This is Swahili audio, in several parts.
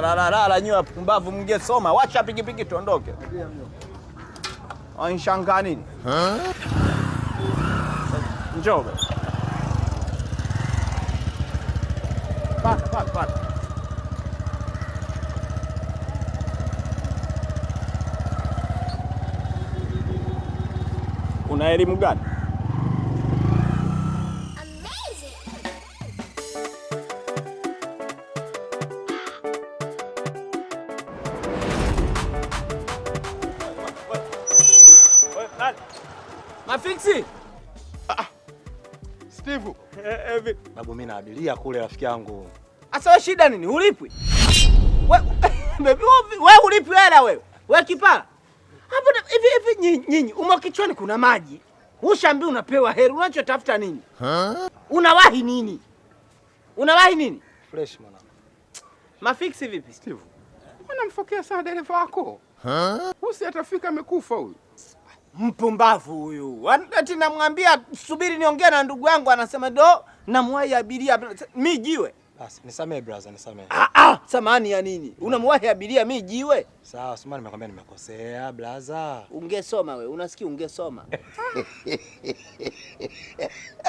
Mnalalala nyiwe wapumbavu, mge soma, wacha pikipiki tuondoke. Wanishangaa nini? Njoo una elimu gani? Mafiksi? Ah, ah, Steve. Hivi. Eh, eh, Babu mimi na kule rafiki yangu. Asa wewe shida nini? Ulipwi? Wewe baby wewe ulipwi hela wewe. Wewe kipaa. Hapo hivi hivi nyinyi umo kichwani kuna maji. Ushambi unapewa heri unachotafuta nini? Huh? Unawahi nini? Unawahi nini? Fresh mwanangu. Mafiksi vipi Steve? Unamfokea sana dereva wako. Huh? Usi atafika amekufa huyu. Mpumbavu huyu, ati yaani, namwambia subiri niongee na ndugu yangu, anasema do namwahi abiria mi jiwe. Basi nisamee brother, nisamee. Ah ah, samani ya nini? Unamwahi abiria mi jiwe? Sawa, sema nimekwambia nimekosea brother. Ungesoma we, unasikia ungesoma.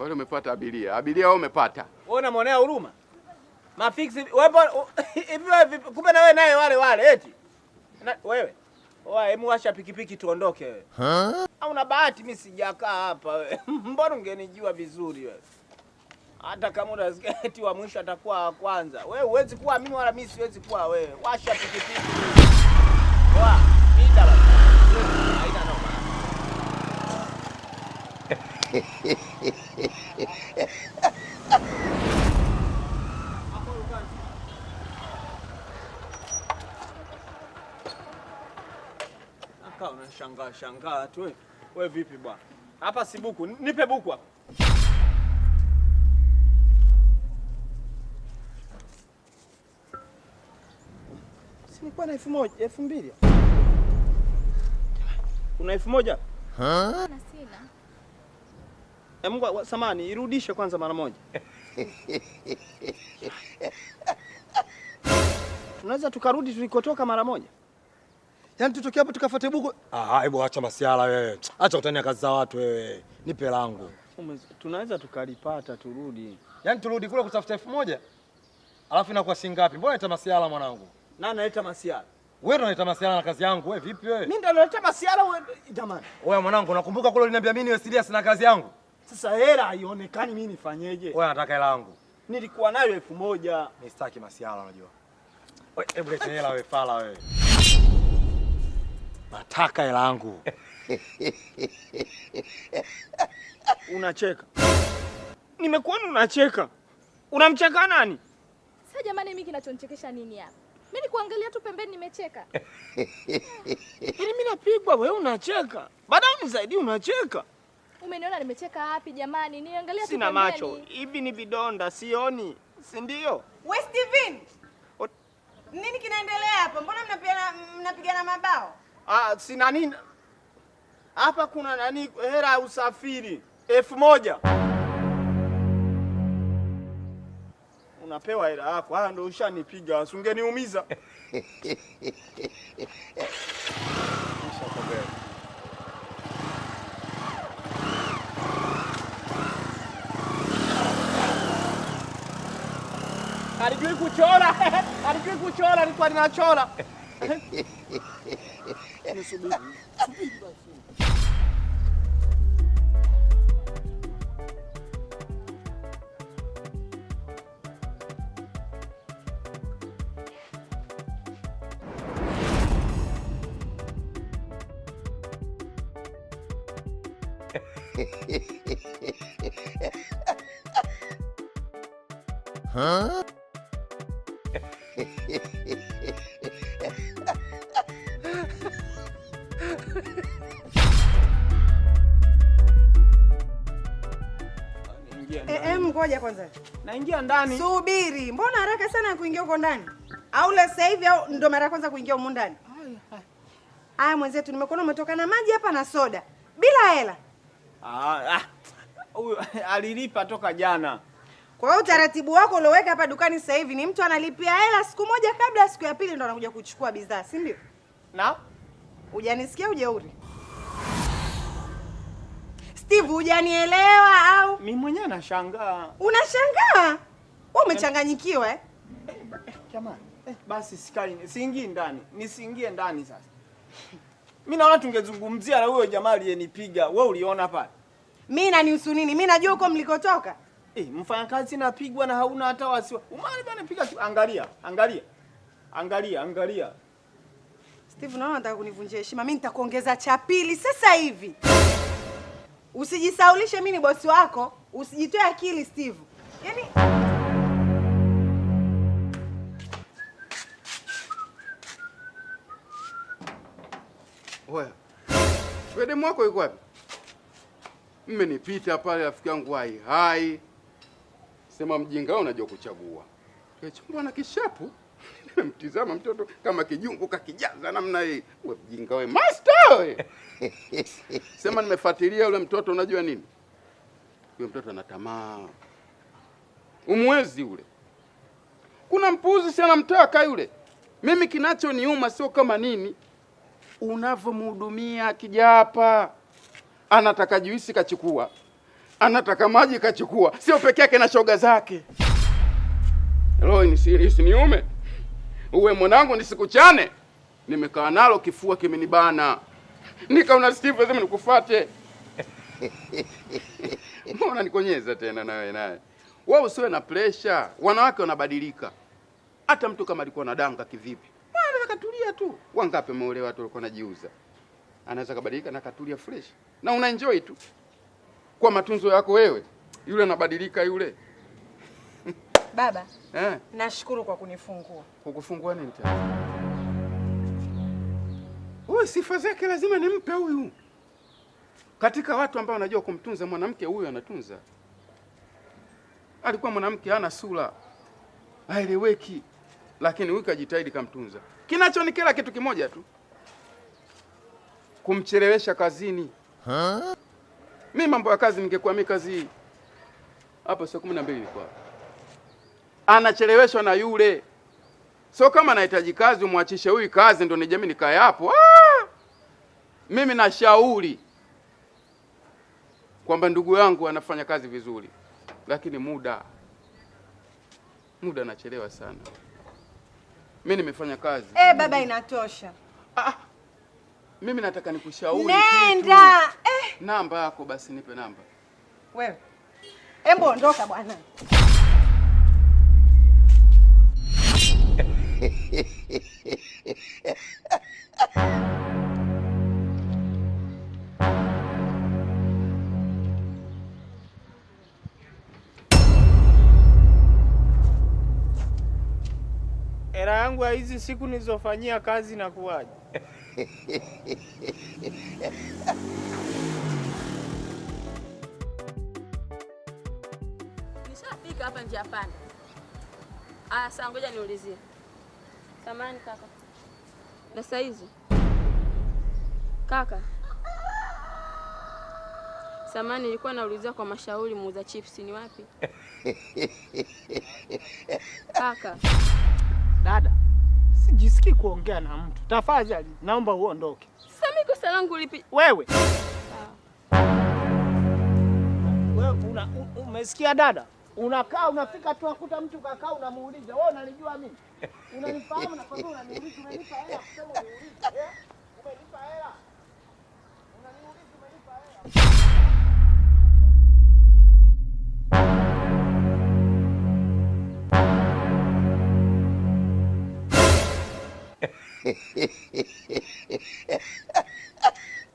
Wewe umepata abiria. Abiria wewe umepata. Wewe unamwonea huruma. Mafixi wewe kumbe na wewe naye wale wale eti. Na, wewe Oa, hebu washa pikipiki tuondoke wewe. Au una bahati mi sijakaa hapa wewe. Mbona ungenijua vizuri we? Hata kama unasikia eti wa mwisho atakuwa wa kwanza. we huwezi kuwa mimi wala mi siwezi kuwa wewe. Washa pikipiki. Oa, mita basi. Haina noma. unakaa unashangaa shangaa tu. Wewe vipi bwana? Hapa si buku, nipe buku hapa. Si nilikuwa na elfu moja, elfu mbili. Kuna elfu moja? Ha? Sina. E, eh, Mungu samani, irudishe kwanza mara moja. Unaweza tukarudi tulikotoka mara moja? Yaani tutokea hapa tukafuate buku. Ah, hebu acha masiala wewe. Acha utania kazi za watu wewe. Nipe langu. Tunaweza tukalipata turudi. Yaani turudi kule kutafuta elfu moja? Alafu inakuwa si ngapi? Mbona unaita masiala mwanangu? Na anaita masiala? Wewe ndio unaita masiala na kazi yangu wewe vipi wewe? Mimi ndio naleta masiala wewe jamani. Wewe mwanangu unakumbuka kule uliniambia mimi niwe serious na kazi yangu? Sasa hela haionekani mimi nifanyeje? Wewe unataka hela yangu. Nilikuwa nayo elfu moja. Mimi sitaki masiala unajua. Wewe hebu leta hela wewe fala wewe nataka hela yangu. Unacheka, nimekuona unacheka. Unamcheka nani? Sasa jamani, mimi kinachonichekesha nini hapa? Mimi ni kuangalia tu pembeni nimecheka. Ili yaani mimi napigwa, wewe unacheka. Baadaye unisaidie unacheka. Umeniona nimecheka wapi jamani? Niangalia tu. Sina macho. Hivi ni vidonda, sioni. Si ndio? West Steven. Nini kinaendelea hapa? Mbona mnapigana mnapigana mabao? Ah, si nani hapa, kuna nani, hela ya usafiri elfu moja unapewa hela yako. Haya, ndio ushanipiga, usingeniumiza alijui kuchora alijui kuchora, nilikuwa ninachora Huh? ngoja kwanza. Naingia ndani. Subiri, mbona haraka sana kuingia huko ndani? Au la sasa hivi au ndo mara ya kwanza kuingia huko ndani? Haya mwenzetu, nimekuona umetoka na maji hapa na soda bila hela. Ah, ah, alilipa toka jana. Kwa hiyo utaratibu wako ulioweka hapa dukani sasa hivi ni mtu analipia hela siku moja kabla, siku ya pili ndo anakuja kuchukua bidhaa, si ndio? Na ujanisikia ujeuri. Steve, hujanielewa au? Mimi mwenyewe nashangaa. Unashangaa? Wewe umechanganyikiwa eh? eh jamani, eh, basi sikali siingii ndani. Nisiingie ndani sasa. Mimi naona tungezungumzia na huyo jamaa aliyenipiga. Wewe uliona pale? Mimi nanihusu nini? Mimi najua huko mlikotoka. Eh, mfanyakazi napigwa na hauna hata wasiwa. Umali bwana piga angalia, angalia. Angalia, angalia. Steve, naona unataka kunivunjia heshima. Mimi nitakuongeza cha pili sasa hivi. Usijisaulishe, mimi ni bosi wako, usijitoe akili Steve. Yaani Oya. Wewe wako yuko wapi? Mmenipita pale rafiki yangu hai hai. Sema mjinga unajua kuchagua. Kachumba na kishapu mtizama mtoto kama kijungu kakijaza namna hii. Wewe mjinga we, master Sema nimefuatilia yule mtoto, unajua nini? Yule mtoto ana tamaa. Umwezi ule. Kuna mpuzi sana mtaka yule. Mimi kinachoniuma sio kama nini unavyomhudumia akija hapa. Anataka juisi kachukua. Anataka maji kachukua. Sio peke yake na shoga zake. Hello, ni serious niume uwe mwanangu, nisikuchane. Nimekaa nalo kifua kimenibana, nikaona Steve lazima nikufuate. Mbona nikonyeza tena nawe naye? Wewe usiwe na pressure, wanawake wanabadilika. Hata mtu kama alikuwa na danga kivipi, ah, anaweza katulia tu. Wangapi wameolewa watu walikuwa najiuza, anaweza kabadilika na katulia fresh, na una enjoy tu kwa matunzo yako wewe. Yule anabadilika yule Baba eh, nashukuru kwa kunifungua. Kukufungua nini tena? Huyu sifa zake lazima nimpe huyu, katika watu ambao wanajua kumtunza mwanamke. Huyu anatunza, alikuwa mwanamke hana sura, haeleweki, lakini huyu kajitahidi kamtunza. Kinachonikera kitu kimoja tu, kumchelewesha kazini Mi mambo ya kazi, ningekuwa mi kazi hapa saa kumi na mbili nilikuwa anacheleweshwa na yule. So kama anahitaji kazi, umwachishe huyu kazi ndo nijemi nikae hapo. Ah! Mimi nashauri kwamba ndugu yangu anafanya kazi vizuri, lakini muda muda anachelewa sana. Mimi nimefanya kazi eh, baba, inatosha. Ah, mimi nataka nikushauri nenda. Eh, namba yako basi, nipe namba wewe. Embo, ondoka bwana. Hela yangu ya hizi siku nilizofanyia kazi na kuwaje? Nishafika hapa njia panda. Aya, saa ngoja niulizie. Samani kaka. Na saizi kaka, samani nilikuwa naulizia kwa mashauri, muuza chipsi ni wapi? Kaka dada, sijisikii kuongea na mtu, tafadhali naomba uondoke. Sasa mimi kosa langu lipi? Wewe, ah. wewe una umesikia dada? unakaa unafika tu akuta mtu kakaa, unamuuliza wewe, unalijua mimi, unanifahamu? na kwa nini unaniuliza, umenipa hela kusema uniulize, eh, umenipa hela, unaniuliza, umenipa hela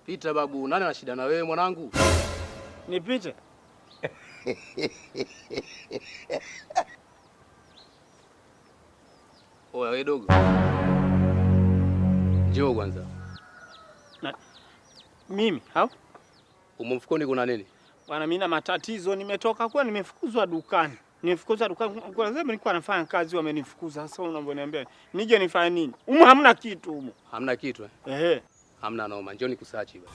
Pita babu, nani ana shida na wewe mwanangu? Ni Pita. Oya we dogo, njoo kwanza. Na mimi hao umo mfukoni, kuna nini bwana? Mimi na matatizo, nimetoka kwa nimefukuzwa dukani, nimefukuzwa dukani kwa sababu nilikuwa nafanya kazi, wamenifukuza. Sasa unavyoniambia nije nifanye nini? Umo hamna kitu, umo hamna kitu eh? Ehe, hamna noma, njoo nikusachi basi.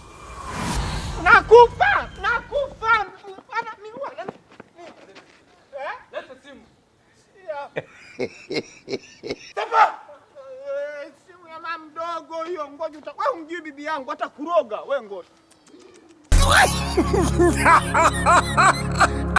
Nakufa, nakufa. Eh, simu ya mama mdogo hiyo, ngoja wewe umjui bibi yangu hata kuroga wewe, ngoja